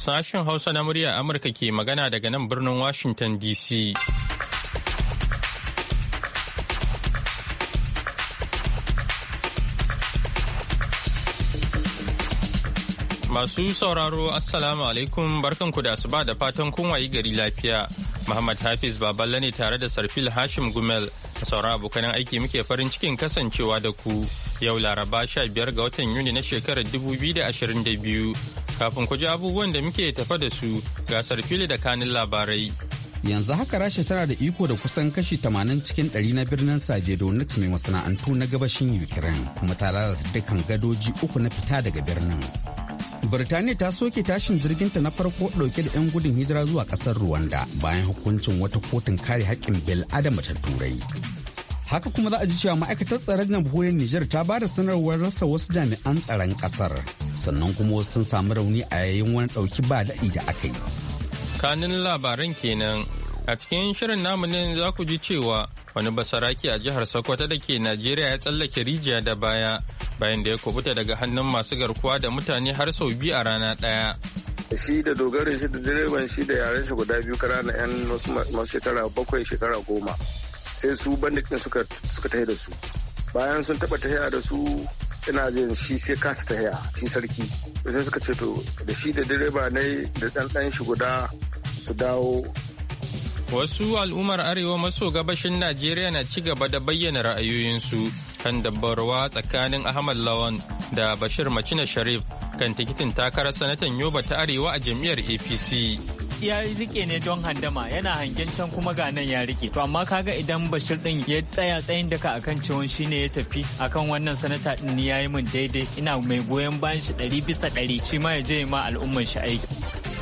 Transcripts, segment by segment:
Sashen Hausa na murya Amurka ke magana daga nan birnin Washington DC. Masu sauraro Assalamu alaikum barkanku da su ba da fatan kun gari lafiya. Muhammad Hafiz Baballe ne tare da Sarfil Hashim Gumel a sauran abokanan aiki muke farin cikin kasancewa da ku. Yau Laraba 15 ga watan Yuni na shekarar 2022 Kafin ku ji abubuwan da muke tafa da su gasar fili da kanin labarai. Yanzu haka Rasha tana da iko da kusan kashi tamanin cikin ɗari na birnin Sajedonetsk mai masana'antu na gabashin Ukraine kuma ta lalata dukkan gadoji uku na fita daga birnin. Birtaniya ta soke tashin jirginta na farko ɗauke da 'yan gudun hijira zuwa ƙasar Rwanda bayan hukuncin wata kotun kare haƙƙin bel adama ta Turai. haka kuma za a ji cewa ma'aikatar tsaron jamhuriyar Nijar ta ba da sanarwar rasa wasu jami'an tsaron kasar sannan kuma wasu sun samu rauni a yayin wani ɗauki ba daɗi da aka yi. Kanin labaran kenan a cikin shirin namu ne za ku ji cewa wani basaraki a jihar Sokoto da ke Najeriya ya tsallake rijiya da baya bayan da ya kubuta daga hannun masu garkuwa da mutane har sau biyu a rana ɗaya. shi da dogarin shi da direban shi da yaren shi guda biyu na 'yan masu shekara bakwai shekara goma. sai su bandit suka suka tahi da su bayan sun taba tahiya da su ina jin shi sai kasa tahiya shi sarki sai suka ce to da shi da direba ne da dan shi guda su dawo Wasu al'ummar Arewa maso gabashin Najeriya na ci gaba da bayyana ra'ayoyinsu kan dabbarwa tsakanin Ahmad Lawan da Bashir Macina Sharif kan tikitin takarar sanatan Yoba ta Arewa a jam'iyyar APC. ya rike ne don handama yana hangen can kuma ga nan ya rike to amma kaga idan bashir din ya tsaya tsayin daka akan ciwon ne ya tafi akan wannan sanata din ya yi min daidai ina mai goyon bayan shi ɗari bisa ɗari shi ma ya je ma al'umman shi aiki.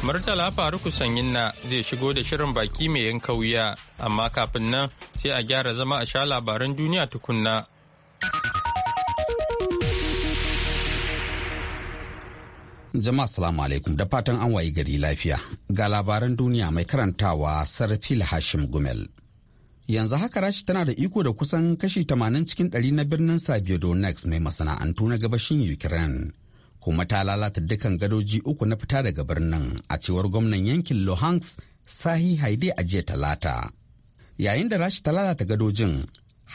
Murtala Faruku Sanyinna zai shigo da shirin baki mai yanka wuya amma kafin nan sai a gyara zama a sha labaran duniya tukunna. Jama'a salamu alaikum da fatan an wayi gari lafiya. Ga labaran duniya mai karantawa Sarfil Hashim Gumel. Yanzu haka rashi tana da iko da kusan kashi 80 cikin 100 na birnin Sabiodonex mai masana'antu na gabashin Ukraine. Kuma ta lalata dukkan gadoji uku na fita daga birnin a cewar gwamnan yankin Luhansk Sahi Haide a jiya talata. Yayin da rashi ta lalata gadojin,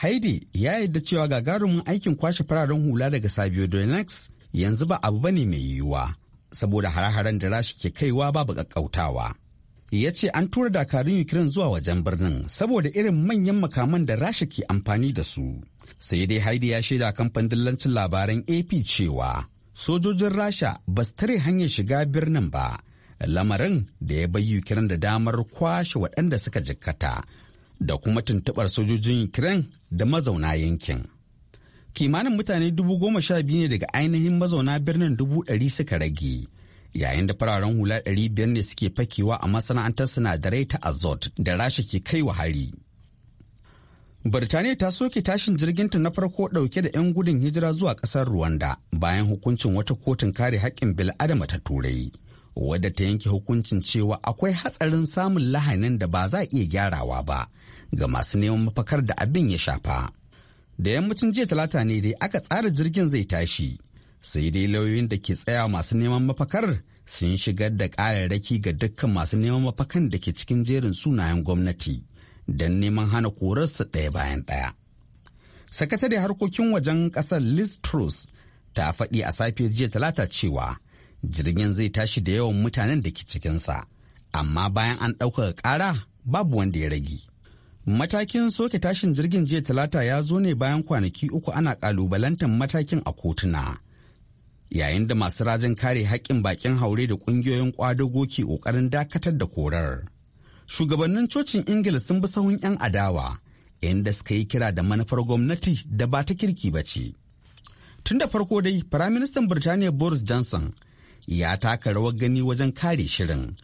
Haide ya yarda cewa gagarumin aikin kwashe fararen hula daga Sabiodonex yanzu ba abu bane mai yiwuwa. saboda hare-haren da rashi ke kaiwa babu ƙaƙƙautawa. ya ce an tura dakarun ukraine zuwa wajen birnin saboda irin manyan makaman da rasha ke amfani da su sai dai haidi ya shaida kamfanin dillancin labaran ap cewa sojojin rasha ba su tare hanyar shiga birnin ba lamarin da ya bai ukraine da damar kwashe waɗanda suka jikkata da kuma tuntuɓar sojojin ukraine da mazauna yankin kimanin mutane dubu goma sha biyu ne daga ainihin mazauna birnin dubu ɗari suka rage yayin da fararen hula ɗari biyar ne suke fakewa a masana'antar sinadarai ta azot da rasha ke kai wa hari Birtaniya ta soke tashin jirginta na farko ɗauke da 'yan gudun hijira zuwa ƙasar Rwanda bayan hukuncin wata kotun kare haƙƙin bil'adama ta turai wadda ta yanke hukuncin cewa akwai hatsarin samun lahanin da ba za a iya gyarawa ba ga masu neman mafakar da abin ya shafa. da yammacin jiya talata ne dai aka tsara jirgin zai tashi sai dai lauyoyin da ke tsaya masu neman mafakar sun shigar da ƙararraki ga dukkan masu neman mafakan da ke cikin jerin sunayen gwamnati don neman hana korarsa ɗaya bayan ɗaya. sakatare harkokin wajen ƙasar liz truss ta faɗi a safiyar jiya talata cewa jirgin zai tashi da yawan mutanen da ke cikinsa amma bayan an ɗaukaka ƙara babu wanda ya rage Matakin soke tashin jirgin jiya talata ya zo ne bayan kwanaki uku ana kalubalantar matakin a kotuna. Yayin da masu rajin kare haƙƙin bakin haure da ƙungiyoyin ƙwadago ke ƙoƙarin dakatar da korar. Shugabannin cocin Ingila sun bi sahun 'yan adawa, inda suka yi kira da manufar gwamnati da ba ta kirki ba ce. Tun da farko dai, Firaministan Birtaniya Boris Johnson ya taka rawar gani wajen kare shirin.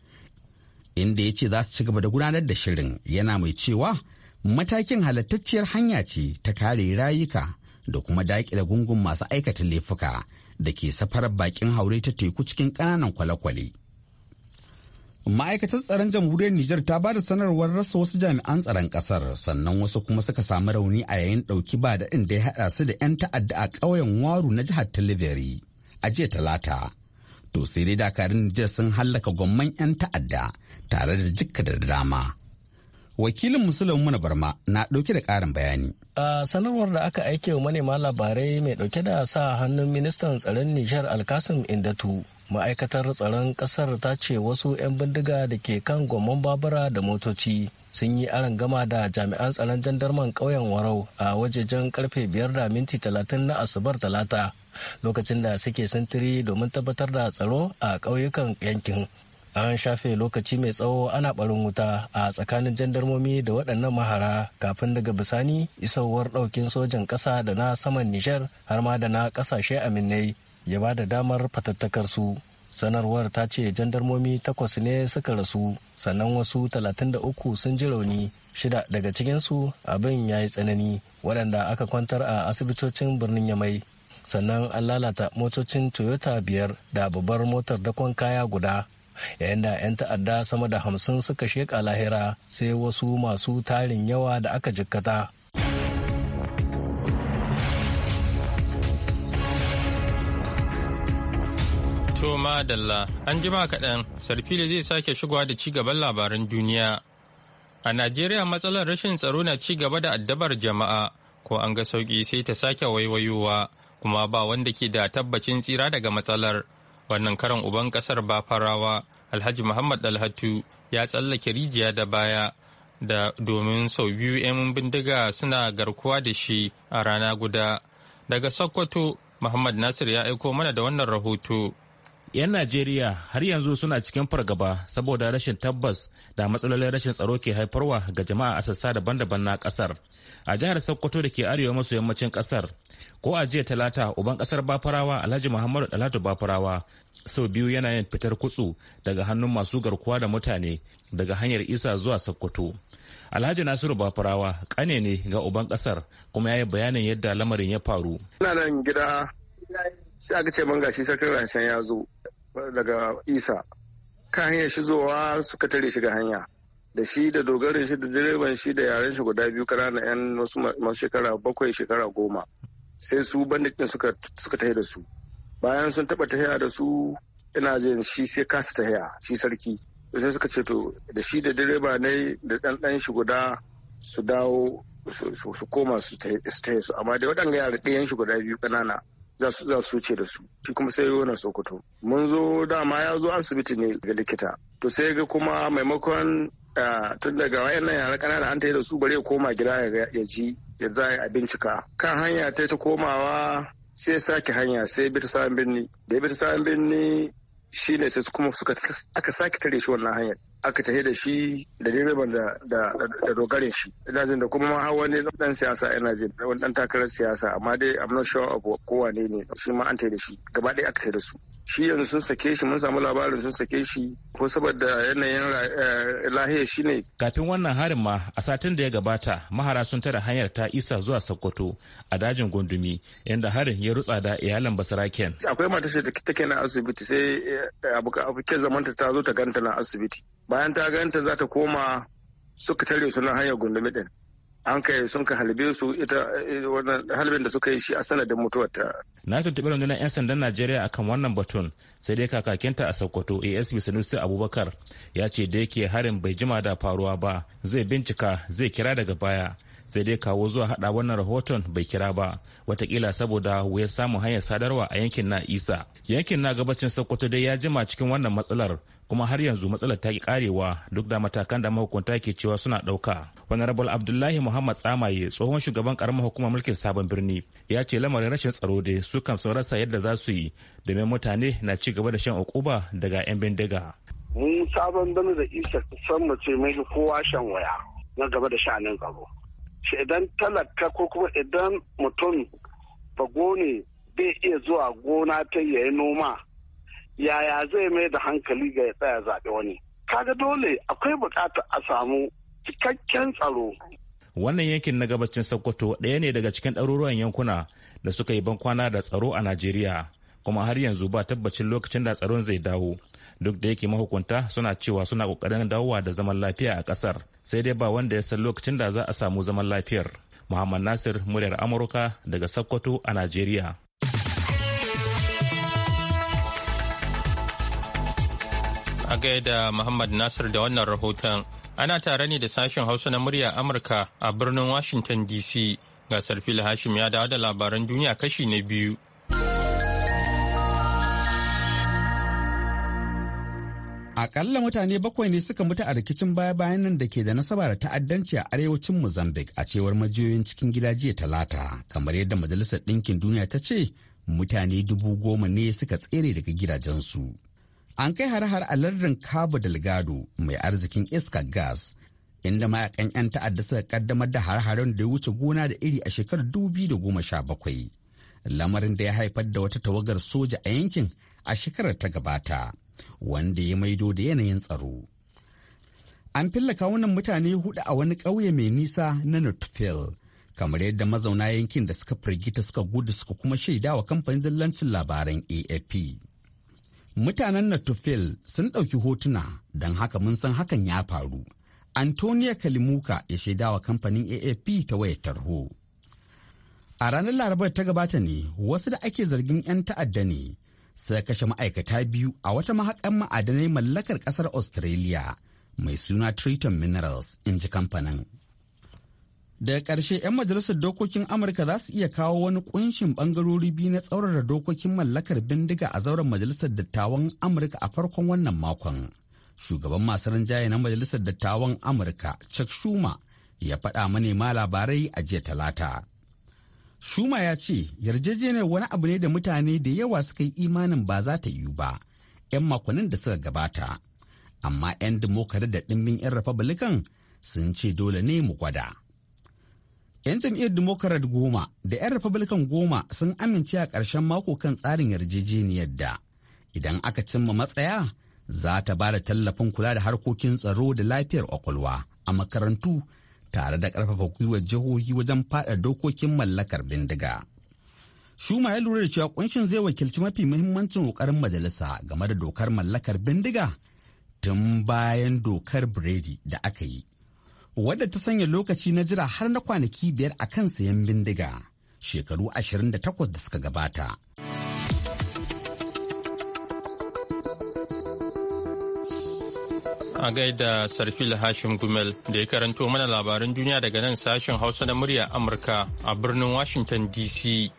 inda ya ce za su ci gaba da gudanar da shirin yana mai cewa matakin halattacciyar hanya ce ta kare rayuka da kuma daƙile gungun masu aikata laifuka da ke safarar bakin haure ta teku cikin ƙananan kwale-kwale. Ma'aikatar tsaron jamhuriyar Nijar ta ba da sanarwar rasa wasu jami'an tsaron kasar sannan wasu kuma suka samu rauni a yayin ɗauki ba da da ya haɗa su da 'yan ta'adda a ƙauyen Waru na jihar Talibiri a jiya Talata to sai dai dakarun Nijar sun hallaka gwamman 'yan ta'adda tare da jikka da dama. Wakilin Musulun Muna Barma na ɗauke da ƙarin bayani. A sanarwar da aka aike wa manema labarai mai ɗauke da sa hannun ministan tsaron Nijar Alkasim Indatu ma'aikatar tsaron ƙasar ta ce wasu 'yan bindiga da ke kan gwamman babura da motoci sun yi aron gama da jami'an tsaron jandarman ƙauyen warau a wajejen karfe biyar da minti talatin na asubar talata lokacin da suke sintiri domin tabbatar da tsaro a ƙauyukan yankin an shafe lokaci mai tsawo ana barin wuta a tsakanin jandarmomi da waɗannan mahara kafin daga bisani isowar ɗaukin sojan ƙasa da na saman Nijar har ma da na ƙasashe aminai ya ba da damar fatattakar su sanarwar ta ce jandarmomi takwas ne suka rasu sannan wasu 33 sun ji rauni shida daga cikinsu abin ya yi tsanani waɗanda aka kwantar a asibitocin birnin yamai sannan an lalata motocin toyota biyar da babbar motar dakon kaya guda yayin da 'yan ta'adda sama da hamsin suka sheƙa lahira sai wasu masu tarin yawa da aka jikkata soma madalla an jima kaɗan sarfili zai sake shigowa da ci gaban labaran duniya. A Najeriya matsalar rashin tsaro na ci gaba da addabar jama'a ko an ga sauki sai ta sake waiwayowa kuma ba wanda ke da tabbacin tsira daga matsalar. Wannan karan uban ƙasar ba farawa Alhaji Muhammad Alhatu ya tsallake rijiya da baya da domin sau biyu 'yan bindiga suna garkuwa da shi a rana guda. Daga Sokoto, Muhammad Nasir ya aiko mana da wannan rahoto. 'yan najeriya har yanzu suna cikin fargaba saboda rashin tabbas da matsalolin rashin tsaro ke haifarwa ga jama'a a sassa daban-daban na kasar a jihar sokoto da ke arewa maso yammacin kasar ko a jiya talata uban kasar bafarawa alhaji muhammadu dalatu bafarawa sau biyu yana yin fitar kutsu daga hannun masu garkuwa da mutane daga hanyar isa zuwa sokoto alhaji nasiru bafarawa kane ne ga uban kasar kuma ya yi bayanin yadda lamarin ya faru ina nan gida sai aka ce ban gashi sarkin rancen ya zo daga isa kan hanyar shi zuwa suka tare shi ga hanya da shi da dogarin shi da direban shi da yaren shi guda biyu ƙananan 'yan masu shekara bakwai shekara goma sai su bandikin suka suka tahi da su bayan sun taba tahiya da su ina jin shi sai kasa tahiya shi sarki sai suka ce to da shi da direba ne da ɗanɗan shi guda su dawo su koma su tahi su amma da waɗanda yara ɗayan shi guda biyu kanana. za su wuce da su shi kuma sai yana sokoto mun zo dama ya zo asibiti ne ga likita to sai ga kuma maimakon tun daga wayan nan yara kanana an tayi da su bare ya koma gida ya ji ya za a bincika kan hanya ta ta komawa sai sake hanya sai bi ta samun birni da ya bi ta samun birni shine sai kuma suka aka sake tare shi wannan hanyar aka tafi da shi da direban da dogarin shi ina jin da kuma ma har wani dan siyasa ina jin wani dan takarar siyasa amma dai I'm not sure of kowane ne shi ma an tafi da shi gaba ɗaya aka tafi da su shi yanzu sun sake shi mun samu labarin sun sake shi ko saboda yanayin eh, lahiyar shi ne kafin wannan harin ma a satin da ya gabata mahara sun tara hanyar ta isa zuwa sokoto a dajin gundumi inda harin ya rutsa da iyalan basaraken akwai mata ce take na asibiti sai eh, abokan zamanta ta zo ta ganta na asibiti bayan ta ganta za ta koma suka tare su na hanyar gundumi din an kai sun ka halbe su ita eh, wannan halbin da suka yi shi a sanadin mutuwarta. Na tuntuɓi rundunar 'yan sandan Najeriya akan wannan batun sai dai kakakinta a Sokoto ASB Sanusi Abubakar ya ce da yake harin bai jima da faruwa ba zai bincika zai kira daga baya. sai dai kawo zuwa hada wannan rahoton bai kira ba watakila saboda wuyar samun hanyar sadarwa a yankin na isa yankin na gabacin sokoto dai ya jima cikin wannan matsalar kuma har yanzu matsalar ta ki karewa duk da matakan da mahukunta ke cewa suna ɗauka. Honorable Abdullahi Muhammad Tsamaye tsohon shugaban karamar hukumar mulkin sabon birni ya ce lamarin rashin tsaro dai su kam sun rasa yadda za su yi domin mutane na ci gaba da shan ukuba daga 'yan bindiga. Mun sabon birni da isa san ce mai kowa shan waya na gaba da shanin tsaro. Shi idan talaka ko kuma idan mutum bago ne bai iya zuwa gona ta yayi noma yaya zai mai da hankali ga ya tsaya zaɓe wani kaga dole akwai buƙatar a samu cikakken tsaro wannan yankin na gabacin sokoto ɗaya ne daga cikin ɗaruruwan yankuna da suka yi bankwana da tsaro a najeriya kuma har yanzu ba tabbacin lokacin da tsaron zai dawo duk da yake mahukunta suna cewa suna kokarin dawowa da zaman lafiya a kasar sai dai ba wanda ya san lokacin da za a samu zaman lafiyar muhammad nasir muryar amurka daga sokoto a najeriya A gaida Muhammad Nasir da wannan rahoton ana tare ne da sashen Hausa na murya Amurka a birnin Washington DC. Ga fili Hashim ya dawo da labaran duniya kashi na biyu. Akalla mutane bakwai ne suka mutu a rikicin baya-bayan nan da ke da nasaba da ta'addanci a arewacin Mozambique a cewar majiyoyin cikin gida jiya talata, kamar yadda Majalisar Ɗinkin Duniya ta ce mutane dubu goma ne suka tsere daga gidajensu. An kai har-har a lardin Delgado mai arzikin iskar gas, inda mayakan 'yan ta'adda suka kaddamar da har-haren da ya wuce gona da iri a shekarar 2017. Lamarin da ya haifar da wata tawagar soja a yankin a shekarar ta gabata, wanda ya maido da yanayin tsaro. An fillaka wannan mutane hudu a wani ƙauye mai nisa na Northfield. kamar yadda mazauna yankin da suka firgita suka gudu suka kuma shaida wa kamfanin dillancin labaran AFP. Mutanen Natufil sun ɗauki hotuna don haka mun san hakan ya faru. Antonia Kalimuka ya shaidawa kamfanin AAP ta wayar tarho. A ranar Larabar ta gabata ne wasu da ake zargin 'yan ta'adda ne sai kashe ma'aikata biyu a wata mahaƙan ma'adanai mallakar ƙasar Australia mai suna Triton Minerals in ji kamfanin. daga ƙarshe 'yan majalisar dokokin amurka za su iya kawo wani kunshin ɓangarori biyu na tsaurara dokokin mallakar bindiga a zauren majalisar dattawan amurka a farkon wannan makon shugaban masu rinjaye na majalisar dattawan amurka chuck schumer ya faɗa manema labarai a jiya talata shuma ya ce yarjejeniyar wani abu ne da mutane da yawa suka yi imanin ba za ta yiwu ba 'yan makonnin da suka gabata amma 'yan dimokari da ɗimbin 'yan republican sun ce dole ne mu gwada 'Yan jam'iyyar Democrat goma da 'yan Republican goma sun amince a ƙarshen mako kan tsarin yarjejeniyar da idan aka cimma matsaya za ta ba da tallafin kula da harkokin tsaro da lafiyar kwakwalwa a makarantu tare da ƙarfafa gwiwar jihohi wajen faɗa dokokin mallakar bindiga. Shuma ya lura da cewa kunshin zai wakilci mafi muhimmancin ƙoƙarin majalisa game da dokar mallakar bindiga tun bayan dokar biredi da aka yi wadda ta sanya lokaci na jira har na kwanaki biyar a kan sayan bindiga shekaru 28 da suka gabata. A gaida Sarfil Hashim Gumel da ya karanto mana labaran duniya daga nan sashen Hausa na murya Amurka a birnin Washington DC.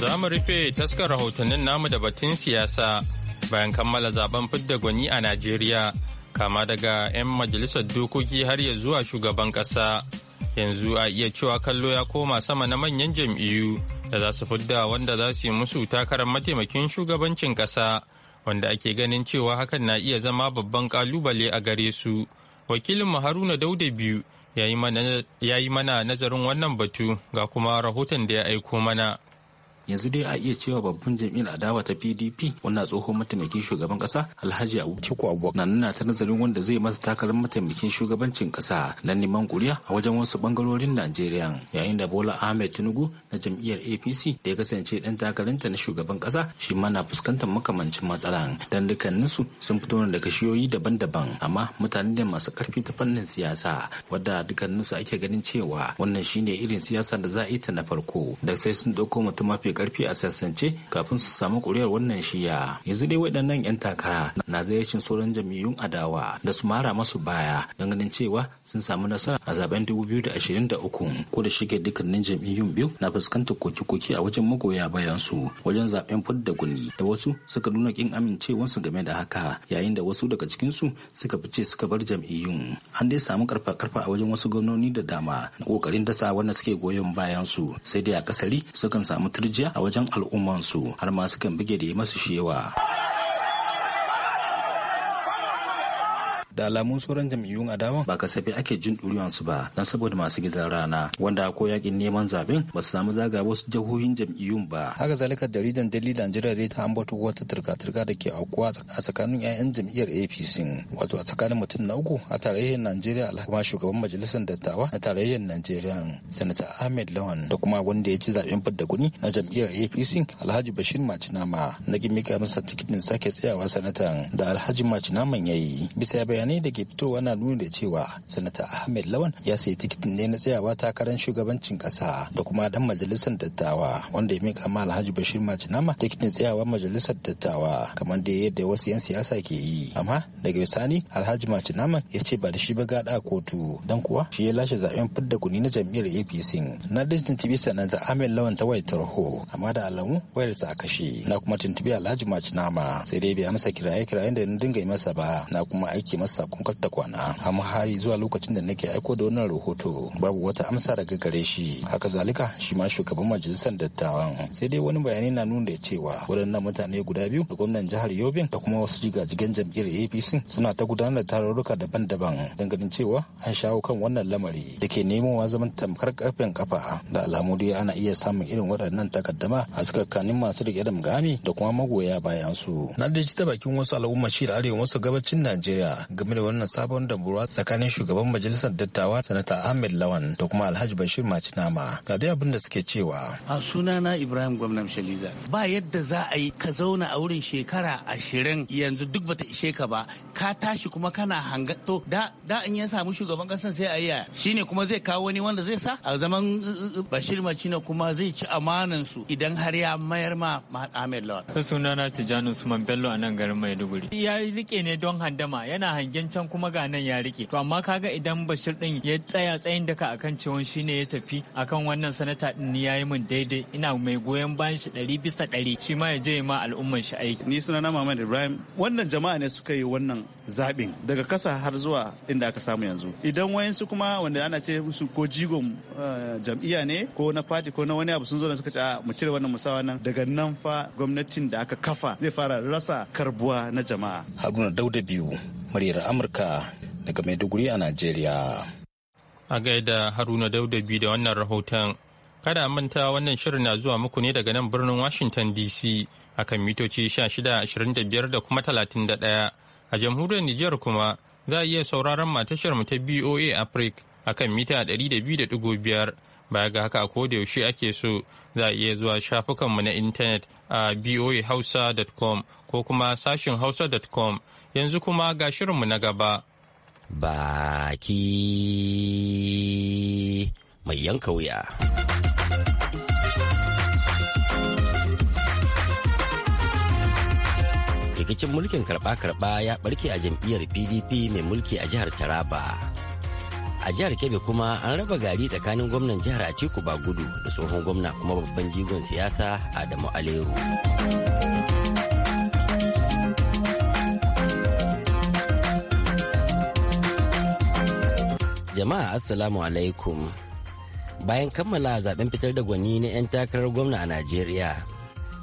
Za mu rufe taskar rahotannin namu da batun siyasa bayan kammala zaben fidda gwani a Najeriya kama daga 'yan majalisar dokoki har ya zuwa shugaban ƙasa. Yanzu a iya cewa kallo ya koma sama na manyan jam'iyyu da za su fidda wanda za su yi musu takarar mataimakin shugabancin ƙasa wanda ake ganin cewa hakan na iya zama babban ƙalubale a gare su. Wakilinmu Haruna Dauda biyu ya yi mana nazarin wannan batu ga kuma rahoton da ya aiko mana. yanzu dai a iya cewa babban jam'iyyar adawa ta pdp wannan tsohon mataimakin shugaban kasa alhaji atiku abubakar na nuna ta nazarin wanda zai masa takarar mataimakin shugabancin kasa na neman kuriya a wajen wasu bangarorin najeriya yayin da bola ahmed tinubu na jam'iyyar apc da ya kasance dan takaranta na shugaban kasa shi ma na fuskantar makamancin matsala dan dukkaninsu sun fito ne daga shiyoyi daban-daban amma mutane da masu karfi ta fannin siyasa wadda dukkaninsu ake ganin cewa wannan shine irin siyasa da za a yi ta na farko da sai sun ɗauko mutum mafi karfi a sassance kafin su samu kuriyar wannan shiya yanzu dai waɗannan 'yan takara na zayyacin sauran jam'iyyun adawa da su mara masu baya don ganin cewa sun samu nasara a zaben uku. ko da shige dukkanin jam'iyyun biyu na fuskantar koke-koke a wajen magoya bayan su wajen zaben da guni da wasu suka nuna kin amincewarsu game da haka yayin da wasu daga cikinsu suka fice suka bar jam'iyyun an dai samu karfa-karfa a wajen wasu gwamnoni da dama na kokarin dasa wanda suke goyon bayan su sai dai a kasari sukan samu turjiya a wajen al'ummansu har ma sukan buge da yi masu shewa. da alamun sauran jam'iyyun adawa ba kasafi ake jin su ba don saboda masu gidan rana wanda ko yakin neman zaben ba su samu zaga wasu jihohin jam'iyyun ba haka zalika jaridan daily nigeria da ta ambato wata turka-turka da ke aukuwa a tsakanin 'ya'yan jam'iyyar apc wato a tsakanin mutum na uku a tarayyar najeriya kuma shugaban majalisar dattawa na tarayyar najeriya sanata ahmed lawan da kuma wanda ya ci zaben fidda guni na jam'iyyar apc alhaji bashir macinama na gimika masa tikitin sake tsayawa sanatan da alhaji macinaman ya yi bisa bayanan bayanai da ke fitowa na nuni da cewa sanata ahmed lawan ya sayi tikitin ne na tsayawa takarar shugabancin kasa da kuma dan majalisar dattawa wanda ya mika ma alhaji bashir majinama tikitin tsayawa majalisar dattawa kamar da yadda wasu 'yan siyasa ke yi amma daga bisani alhaji majinama ya ce ba da shi ba gada kotu dan kuwa shi ya lashe zaben fidda kuni na jam'iyyar apc na disney tv sanata ahmed lawan ta wayar tarho amma da alamu wayarsa a kashe na kuma tuntubi alhaji majinama sai dai bai amsa kiraye-kirayen da na dinga yi masa ba na kuma aiki masa sakon ta kwana amma har zuwa lokacin da nake aiko da wannan rahoto babu wata amsa daga gare shi haka zalika shi ma shugaban majalisar dattawan sai dai wani bayani na nuna da cewa waɗannan mutane guda biyu da gwamnan jihar yobin da kuma wasu jigajigan jam'iyyar apc suna ta gudanar da tarurruka daban-daban don ganin cewa an shawo kan wannan lamari da ke nemowa zaman tamkar karfin kafa da alamu dai ana iya samun irin waɗannan takaddama a tsakanin masu riƙe da mugami da kuma magoya bayan su na da ta bakin wasu al'umma shi da arewa masu gabacin najeriya game da wannan sabon damuwa tsakanin shugaban majalisar dattawa sanata ahmed lawan da kuma alhaji bashir macinama ga dai abin da suke cewa a sunana ibrahim gwamnan shaliza ba yadda za a yi ka zauna a wurin shekara ashirin yanzu duk bata ishe ka ba ka tashi kuma kana hanga to da da in ya samu shugaban kasan sai a yi shine kuma zai kawo wani wanda zai sa a zaman uh, uh, uh, bashir macina kuma zai ci amanan su idan har ya mayar ma ahmed lawan sunana tijjani usman bello a nan garin maiduguri ya rike ne don handama yana hangen can kuma ga nan ya rike to amma kaga idan bashir din ya tsaya tsayin daka akan cewon shine ya tafi akan wannan sanata din ni yayi mun daidai ina mai goyon bayan shi ɗari bisa ɗari shi ma ya je ma al'umman shi aiki ni suna na Ibrahim wannan jama'a ne suka yi wannan zaɓin daga kasa har zuwa inda aka samu yanzu idan wayansu kuma wanda ana ce musu ko jigon eh, jam'iyya ne ko na fati ko na wani abu sun zo da suka ce mu cire wannan musawa nan daga nan fa gwamnatin da aka kafa zai fara rasa karbuwa na jama'a haruna dauda biyu muryar Amurka daga Maiduguri a Najeriya. A gaida Haruna Daudabi da wannan rahoton. Kada manta wannan shirin na zuwa muku ne daga nan birnin Washington DC akan mitoci 1625 da kuma 31 a jamhuriyar Nijar kuma za a iya sauraron matashar mu ta BOA a akan mita 200.5 baya ga haka ko da yaushe ake so za a iya zuwa shafukanmu na intanet a boahausa.com ko kuma sashin hausa.com yanzu kuma ga shirinmu na gaba. Baki mai yanka wuya. Rikicin mulkin karɓa-karɓa ya ɓarke a jam'iyyar PDP mai mulki a jihar Taraba. A jihar Kebbi kuma an raba gari tsakanin gwamnan jihar Atiku Bagudu da tsohon gwamna kuma babban jigon siyasa Adamu Aleru. Jama'a Assalamu alaikum. Bayan kammala zaben fitar da gwani na 'yan takarar gwamna a Najeriya,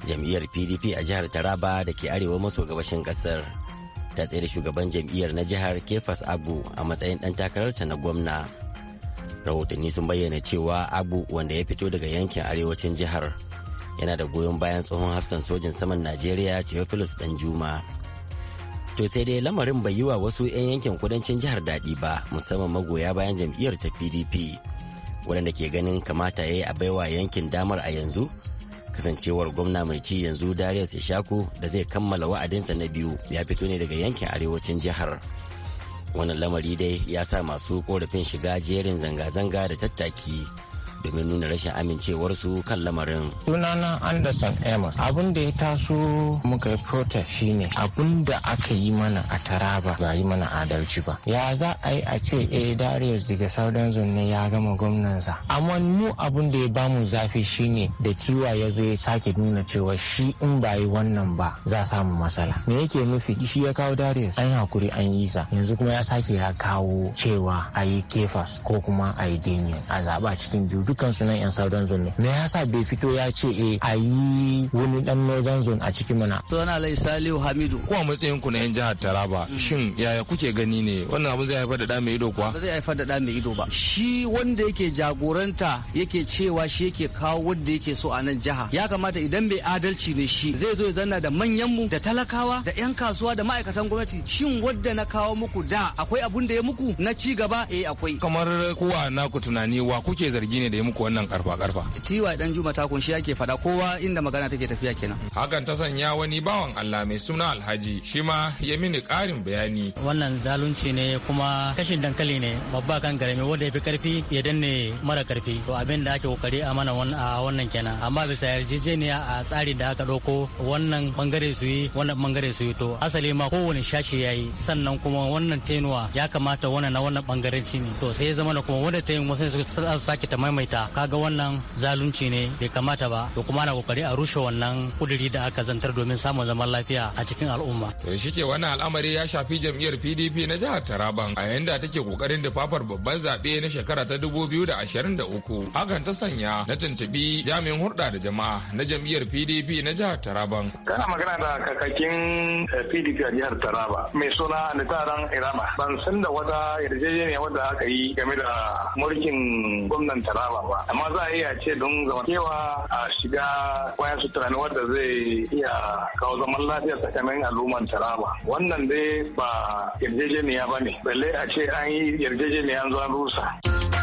jam'iyyar PDP a jihar Taraba da ke arewa maso gabashin kasar ta tsere shugaban jam'iyyar na jihar Kefas Abu a matsayin ɗan takararta na gwamna. Rahotanni sun bayyana cewa Abu wanda ya fito daga yankin arewacin jihar yana da goyon bayan tsohon hafsan sojin saman Najeriya Theophilus Danjuma. juma to sai dai lamarin bai yi wa wasu 'yan yankin kudancin jihar daɗi ba musamman magoya bayan jam'iyyar ta pdp waɗanda ke ganin kamata ya yi a baiwa yankin damar a yanzu kasancewar gwamna mai ci yanzu darius ishaku da zai kammala wa'adinsa na biyu ya fito ne daga yankin arewacin jihar wannan lamari dai ya sa masu korafin shiga jerin zanga-zanga da tattaki domin nuna rashin amincewarsu kan lamarin. Sunana Anderson Emma abin da ya taso muka yi protest shine abin da aka yi mana a Taraba ba yi mana adalci ba. Ya za a yi a ce a eh, Darius daga Southern Zone ne ya gama gwamnansa. Amma mu abin da ya bamu zafi shine da ciwa ya zo ya sake nuna cewa shi in ba yi wannan ba za samu matsala. Me yake nufi shi ya kawo Darius an hakuri an yi sa yanzu kuma ya sake ya kawo cewa a yi kefas ko kuma a yi a zaba cikin biyu dukansu nan yan southern zone ne me yasa bai fito ya ce eh Ayi yi wani dan northern zone a cikin mana na. lai salihu hamidu ko a matsayin ku na yan jihar taraba mm. shin yaya kuke gani ne wannan abin zai haifar da da mai ido kuwa ba zai haifar da da mai ido ba shi wanda yake jagoranta yake cewa shi yake kawo wanda yake so a nan jiha ya kamata idan bai adalci ne shi zai zo ya zanna da manyan mu da talakawa da yan kasuwa da ma'aikatan gwamnati shin wanda na kawo muku da akwai abun da ya muku na ci gaba eh akwai kamar kowa na ku tunani wa kuke zargi ne da da ya muku wannan karfa karfa tiwa dan juma ta kunshi yake fada kowa inda magana take tafiya kenan hakan ta sanya wani bawan Allah mai suna Alhaji shi ma ya mini karin bayani wannan zalunci ne kuma kashin dankali ne babba kan garami wanda ya fi karfi ya danne mara karfi to abin da ake kokari a mana a wannan kenan amma bisa yarjejeniya a tsari da aka dauko wannan bangare su yi wannan bangare su yi to asali ma kowane shashi yayi sannan kuma wannan tenuwa ya kamata wannan na wannan bangaranci ne to sai ya zama kuma wanda ta yi wasu suka sake ta maimaita ita kaga wannan zalunci ne bai kamata ba to kuma ana kokari a rushe wannan kuduri da aka zantar domin samun zaman lafiya a cikin al'umma to ke wannan al'amari ya shafi jam'iyyar PDP na jihar Taraban a yanda take kokarin da fafar babban zabe na shekara ta 2023 hakan ta sanya na tuntubi jami'in hurɗa da jama'a na jam'iyyar PDP na jihar Taraban kana magana da kakakin PDP eh, a jihar Taraba mai suna Nitaran Irama ban san da wata yarjejeniya wadda aka yi game da mulkin gwamnan Taraba yawa ba amma za a iya ce don kewa a shiga kwaya su tunani wanda zai iya kawo zaman lafiya tsakanin al'ummar taraba wannan dai ba yarjejeniya ba ne balle a ce an yi yarjejeniya zuwa rusa.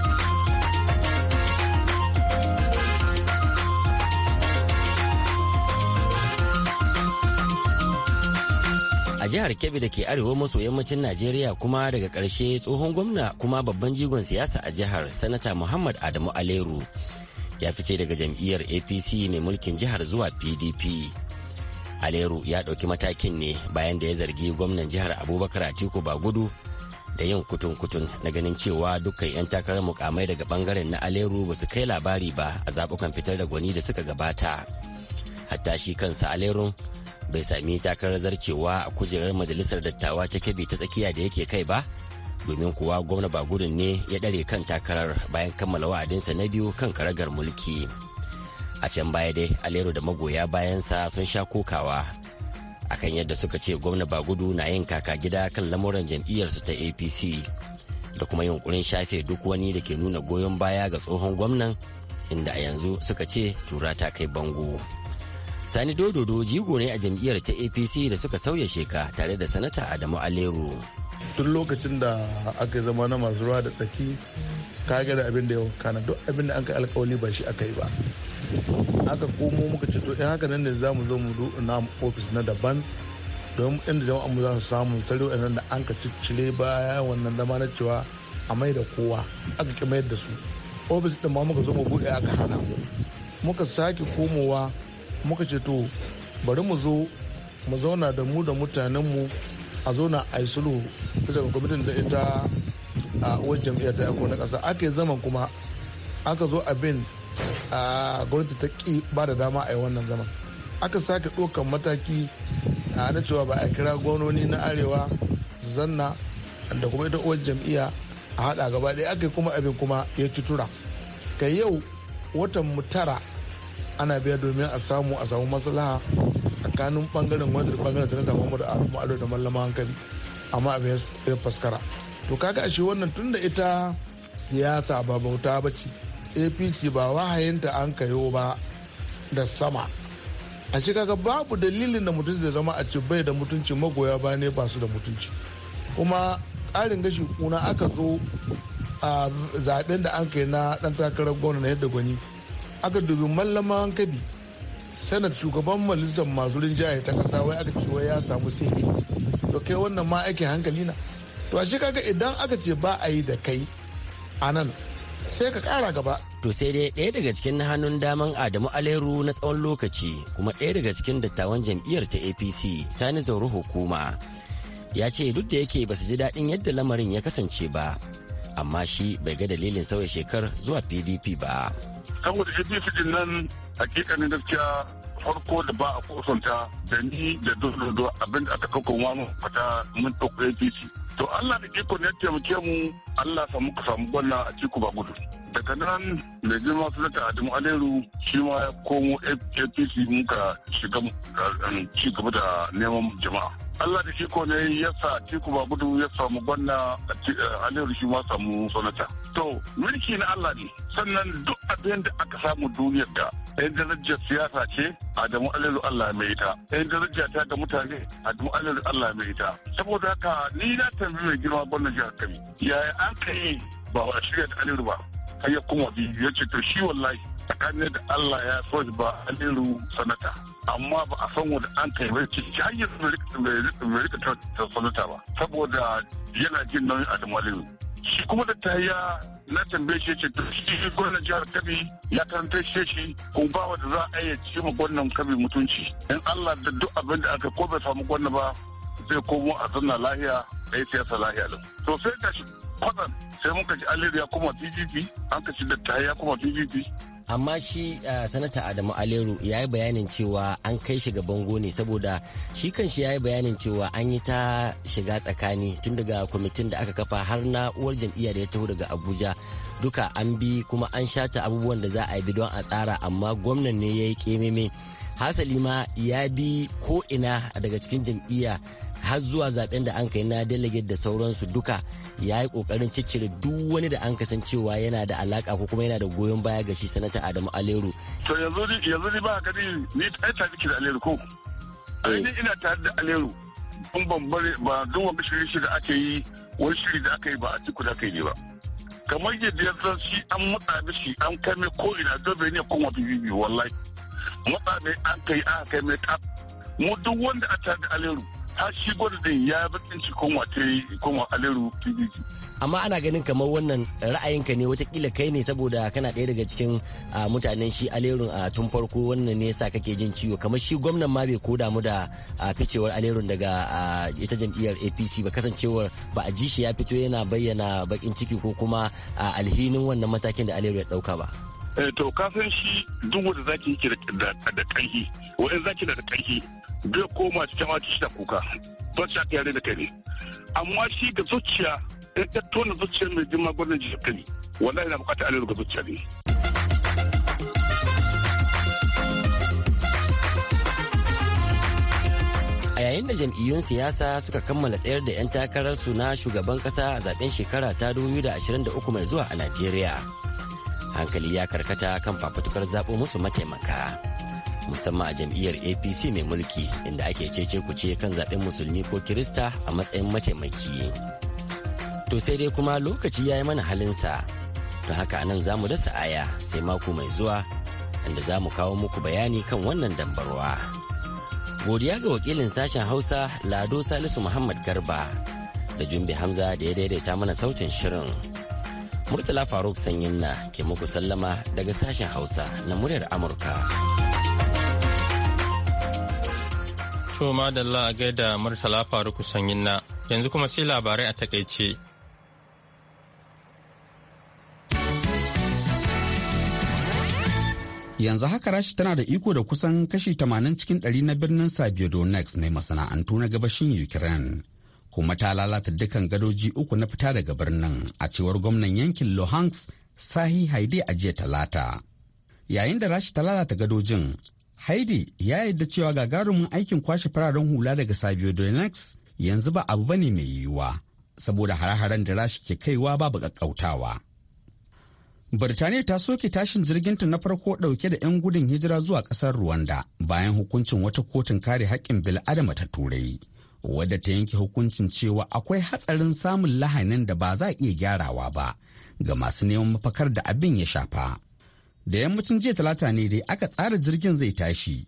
a jihar kebbi da ke arewa maso yammacin najeriya kuma daga ƙarshe tsohon gwamna kuma babban jigon siyasa a jihar sanata muhammad adamu aleru ya fice daga jam'iyyar apc mai mulkin jihar zuwa pdp aleru ya ɗauki matakin ne bayan da ya zargi gwamnan jihar abubakar atiku bagudu da yin kutun-kutun na ganin cewa dukkan 'yan takarar mukamai daga bangaren na aleru ba su kai labari ba a zaɓukan fitar da gwani da suka gabata hatta shi kansa alerun bai sami takarar zarcewa a kujerar majalisar dattawa ta kebe ta tsakiya da yake kai ba domin kuwa gwamna gudun ne ya ɗare kan takarar bayan kammala wa'adinsa na biyu kan karagar mulki a can baya dai alero da magoya bayansa sun sha kokawa akan yadda suka ce gwamna bagudu na yin kaka gida kan lamuran jam'iyyarsu ta apc da kuma yunkurin shafe duk wani da ke nuna goyon baya ga tsohon gwamnan inda a yanzu suka ce tura ta kai bango sani dododo jigo ne a jam'iyyar ta apc da suka sauya sheka tare da sanata adamu aleru tun lokacin da aka zama na masu ruwa da tsaki ka gada abin da ya kana duk abin da an kai alkawali ba shi aka yi ba aka komo muka ce to in haka nan ne za mu zo mu na ofis na daban don inda jama'a mu za su samu sarewa nan da an ka ciccire baya wannan zama na cewa a mai da kowa aka ki mayar da su ofis din ma muka zo mu buɗe aka hana mu muka sake komowa muka ce to bari mu zo mu zauna da mu da mu a zauna a yi sulhu bisa ga kwamitin da ita a uwar jam'iyyar ta na ƙasa aka yi zaman kuma aka zo abin a gwamnati ta ƙi ba da dama a yi wannan zaman aka sake ɗaukan mataki a na cewa ba a kira gwamnoni na arewa zanna da kuma ita uwar jam'iyya a haɗa gaba ɗaya aka yi kuma abin kuma ya ci tura kai yau watan mu tara ana biya domin a samu a samu maslaha tsakanin bangaren wanda da bangaren da na damu da al'umma ado da mallama hankali amma abin ya faskara to kaga ashe wannan tun da ita siyasa ba bauta ba ce apc ba wahayinta an kayo ba da sama a shi kaga babu dalilin da mutum zai zama a ce bai da mutunci magoya ba ne ba su da mutunci kuma ƙarin gashi kuna aka zo a zaben da an kai na ɗan takarar gwamna na yadda gwani aka dubi mallama hankali sanar shugaban majalisar masu rinjaye ta kasa wai aka cewa ya samu sai to kai wannan ma aikin hankali na to ashe kaga idan aka ce ba a yi da kai a nan sai ka kara gaba to sai dai ɗaya daga cikin hannun daman adamu aleru na tsawon lokaci kuma ɗaya daga cikin dattawan jam'iyyar ta apc sani zauru hukuma ya ce duk da yake ba su ji daɗin yadda lamarin ya kasance ba amma shi bai ga dalilin sauya shekar zuwa pdp ba saboda pdp din nan hakikanin gaskiya farko da ba a kusanta da ni da dododo abinda da aka kakon wani fata mun ɗauko apc to allah da iko ne taimake mu allah samu ka samu gwanna a ciku ba gudu daga nan mai girma su zata adamu aleru shi ma ya komo apc muka shiga eh, ci gaba da neman jama'a Allah da shi ne ya sa Tiku Babudu ya samu gwanna Aliyu shi ma samu sanata. To, mulki na Allah ne, sannan duk abin da aka samu duniyar da ɗayan darajar siyasa ce Adamu Aliyu Allah mai ita, ɗayan darajar ta ga mutane Adamu Aliyu Allah mai ita. Saboda haka ni na tambayi mai girma gwanna jihar Kano. Yaya an kai ba a shirya da Aliyu ba, har ya kuma bi ya ce to shi wallahi tsakanin da Allah ya so ba liru sanata amma ba a san wanda an kai bai ciki hanyar bai rika ta sanata ba saboda yana jin nauyin adamu aliru shi kuma da tayya na tambaye shi ce shi gwamnan jihar kabi ya karanta shi shi kuma ba wanda za a iya ci ma gwamnan kabi mutunci in Allah da duk abin da aka ko bai samu gwamna ba zai komo a zanna lahiya da ya siyasa lahiya lau to sai shi kwatsam sai muka ji aliyu ya koma pdp an ka ci dattaya ya koma pdp amma shi sanata adamu aleru ya yi bayanin cewa an kai shi bango ne saboda shi kan shi ya yi bayanin cewa an yi ta shiga tsakani tun daga kwamitin da aka kafa har na uwar jam'iyya da ya taho daga abuja duka an bi kuma an shata abubuwan da za a bi don a tsara amma gwamnan ne ya yi kememe hasali ma ya bi ko ina daga cikin jam'iyya har zuwa zaben da an kai na delegate da sauransu duka ya yi kokarin ciccire duk wani da an kasancewa yana da alaka ko kuma yana da goyon baya ga shi sanata adamu aleru to yanzu ni yanzu ni ba ka ni ni ta ta miki da aleru ko ni ina tare da aleru kun ban ba duk wani shiri shi da ake yi wani shiri da aka yi ba a ciku da aka yi ba kamar yadda ya san shi an matsa da shi an kai mai ko ina don bai ne kun wata biyu wallahi matsa mai an kai aka kai mai ta mu duk wanda a tare da aleru ta shi din ya bakin shi kuma ta yi aleru pdp amma ana ganin kamar wannan ra'ayinka ne watakila kai ne saboda kana ɗaya daga cikin mutanen shi alerun a tun farko wannan ne yasa kake jin ciwo kamar shi gwamnan ma bai koda mu da ficewar alerun daga ita jam'iyyar apc ba kasancewar ba a ji shi ya fito yana bayyana bakin ciki ko kuma alhinin wannan matakin da aleru ya ɗauka ba eh, to ka san shi duk wanda zaki yake da ƙarfi wa'in zaki da ƙarfi bai koma cikin wata shi da kuka don shi aka yare da kai amma shi ga zuciya in ta tona zuciyar mai jima gwamnan jihar kai wallahi na bukatar alalu ga zuciya ne. a yayin da jam'iyyun siyasa suka kammala tsayar da 'yan su na shugaban kasa a zaben shekara ta 2023 mai zuwa a najeriya hankali ya karkata kan fafutukar zaɓo musu mataimaka musamman a jam'iyyar apc mai mulki inda ake cece ce kan zaɓen musulmi ko kirista a matsayin mataimaki to sai dai kuma lokaci ya yi mana halinsa don haka nan za mu dasa aya sai mako mai zuwa inda za mu kawo muku bayani kan wannan dambarwa godiya ga wakilin sashen hausa lado salisu muhammad garba da jumbi hamza da ya daidaita mana sautin shirin murtala faruk sanyin na ke muku sallama daga sashen hausa na muryar amurka. To madalla a gaida Murtala Faruku Sanyin na yanzu kuma sai labarai a takaice. yanzu haka rashi tana da iko da kusan kashi tamanin cikin ɗari na birnin Sabiodonex ne masana'antu na gabashin Ukraine kuma ta lalata dukkan gadoji uku na fita daga birnin a cewar gwamnan yankin Luhansk Sahi Haide a jiya talata. Yayin da rashi ta lalata gadojin Haidi ya yarda cewa gagarumin aikin kwashe fararen hula daga Sabio Donex yanzu ba abu bane mai yiwuwa saboda hare-haren da rashi ke kaiwa babu kakkautawa. Birtaniya ta soke tashin jirginta na farko dauke da 'yan gudun hijira zuwa kasar Rwanda bayan hukuncin wata kotun kare haƙƙin bil'adama ta turai. Wadda ta yanke hukuncin cewa akwai hatsarin samun lahanin da ba za a iya gyarawa ba ga masu neman mafakar da abin ya shafa. da yammacin jiya talata ne dai aka tsara jirgin zai tashi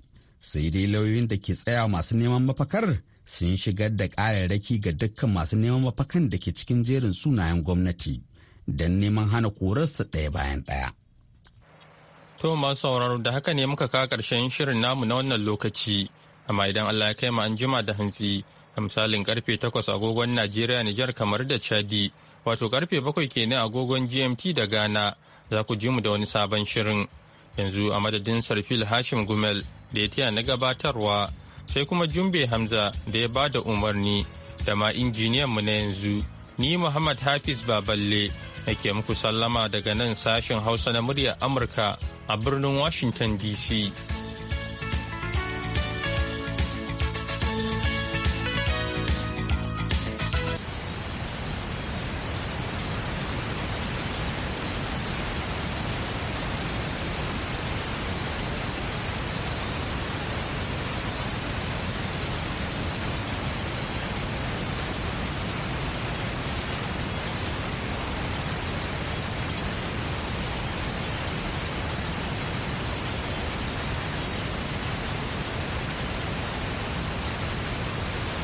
sai dai lauyoyin da ke tsaya masu neman mafakar sun shigar da ƙararraki ga dukkan masu neman mafakan da ke cikin jerin sunayen gwamnati don neman hana korarsa ɗaya bayan ɗaya. To masu sauraro da haka ne muka kawo ƙarshen shirin namu na wannan lokaci, amma idan Allah ya kai mu an jima da hantsi, a misalin karfe takwas agogon Najeriya Nijar kamar da Chadi. wato karfe bakwai kenan agogon gmt da ghana za ku ji mu da wani sabon shirin yanzu a madadin sarfil hashim gumel da ya taya na gabatarwa sai kuma jumbe hamza da ya bada umarni da ma injiniyan mu na yanzu ni muhammad hafiz baballe nake muku sallama daga nan sashen hausa na muryar amurka a birnin washington dc